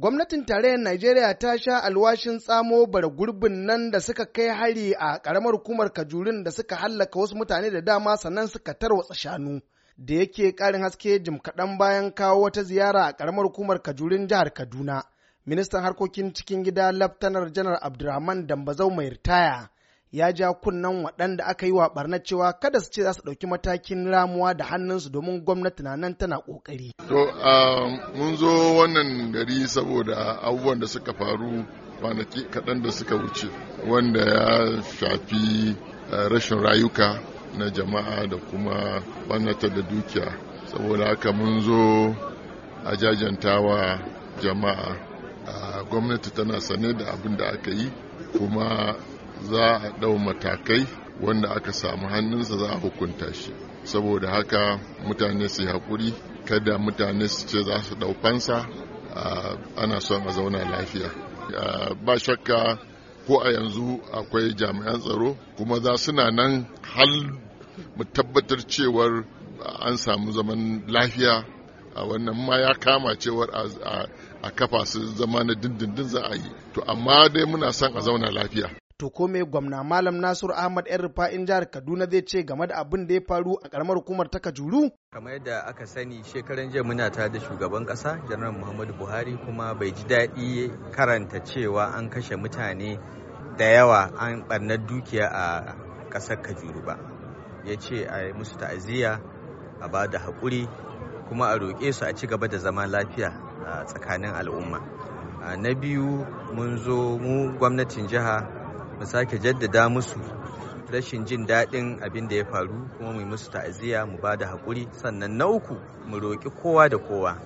Gwamnatin tarayyar Najeriya ta sha alwashin tsamo bara gurbin nan da suka kai hari a ƙaramar hukumar Kajurin da suka hallaka wasu mutane da dama sannan suka tarwatsa shanu. Da yake ƙarin haske jim kaɗan bayan kawo wata ziyara a ƙaramar hukumar Kajurin jihar Kaduna. Ministan harkokin cikin gida Laftanar Janar Abdulrahman Dambazau mai ritaya ya ja kunnen waɗanda aka yi wa barna cewa kada su ce za su ɗauki matakin ramuwa da hannunsu domin gwamnati na nan tana ƙoƙari. To, um, mun zo wannan gari saboda abubuwan da suka faru kwanaki kaɗan da suka wuce wanda ya shafi uh, rashin rayuka na jama'a da kuma ɓannata da dukiya saboda haka mun zo a jajantawa jama'a uh, gwamnati tana sane da abin da aka yi kuma za a ɗau matakai wanda aka samu hannunsa za a hukunta shi saboda haka mutane su yi haƙuri kada mutane su ce za su ɗau fansa ana son a zauna lafiya ba shakka ko a yanzu akwai jami'an tsaro kuma za suna nan hal mu tabbatar cewar an samu zaman lafiya a wannan ma ya kama cewar a kafa su zama na dindindin za a yi to amma dai muna son a zauna lafiya To ko mai gwamna Malam Nasiru Ahmad ‘yan rufa'in jihar Kaduna zai ce game da abin da ya faru a karamar hukumar ta Kajuru? Kamar yadda aka sani shekaran jiya muna ta da shugaban ƙasa Janar Muhammadu Buhari kuma bai ji daɗi karanta cewa an kashe mutane da yawa an ɓarnar dukiya a ƙasar Kajuru ba. Ya ce a musu ta'aziyya a ba da haƙuri kuma a roƙe su a ci gaba da zama lafiya a tsakanin al'umma. Na biyu mun zo mu gwamnatin jiha mu sake jaddada musu rashin jin daɗin abin da ya faru kuma mu musu ta'aziyya mu ba da haƙuri sannan na uku mu roƙi kowa da kowa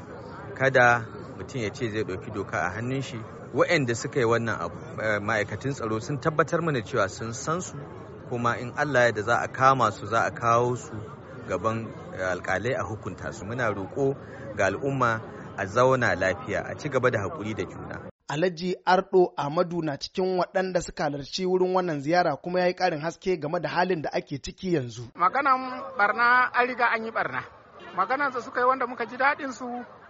kada mutum ya ce zai ɗauki doka a hannun shi waɗanda suka yi wannan abu eh, ma'aikatan tsaro sun tabbatar mana cewa sun san su kuma in allah ya da za a kama su za a kawo su gaban eh, alƙalai a hukunta su muna roƙo ga al'umma a zauna lafiya a ci gaba da haƙuri da juna Alhaji Ardo Amadu na cikin waɗanda suka halarci wurin wannan ziyara kuma ya yi ƙarin haske game da halin da ake ciki yanzu. Maganan barna an riga an yi barna. su suka yi wanda muka ji daɗin su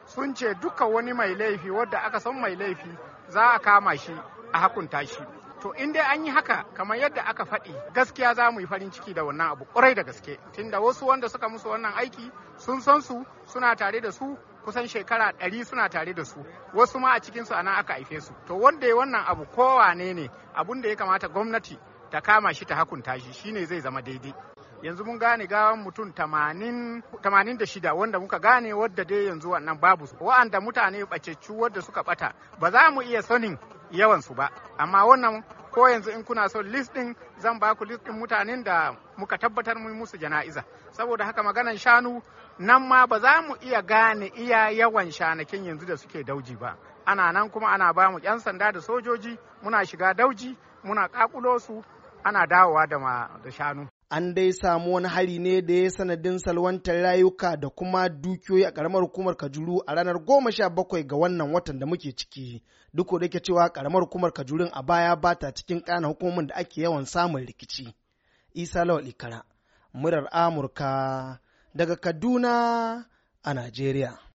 sun ce duka wani mai laifi wadda aka san mai laifi za a kama shi a hakunta shi. to in dai an yi haka kamar yadda aka faɗi gaskiya za mu yi farin ciki da wannan abu ƙwarai da gaske tunda wasu wanda suka musu wannan aiki sun san su suna tare da su kusan shekara ɗari suna tare da su wasu ma a cikinsu a nan aka haife su to wanda ya wannan abu kowane ne abun da ya kamata gwamnati ta kama shi ta hakunta shi shine zai zama daidai yanzu mun gane gawan mutum tamanin da shida wanda muka gane wadda dai yanzu wannan babu su wa'anda mutane bacaccu wadda suka bata ba za mu iya sanin yawansu ba amma wannan ko yanzu in kuna son list din zan ba ku list din mutanen da muka tabbatar mu musu jana'iza saboda haka maganan shanu nan ma ba za mu iya gane iya yawan shanakin yanzu da suke dauji ba ana nan kuma ana ba mu 'yan sanda da sojoji muna shiga dauji muna kakulo su ana dawowa da shanu an dai samu wani hari ne da ya sanadin salwantar rayuka da kuma dukiyoyi a karamar hukumar kajuru a ranar goma sha bakwai ga wannan watan da muke ciki duk da ke cewa karamar hukumar kajurin a baya bata cikin kana hukumomin da ake yawan samun rikici isa lawal ikara murar amurka daga kaduna a najeriya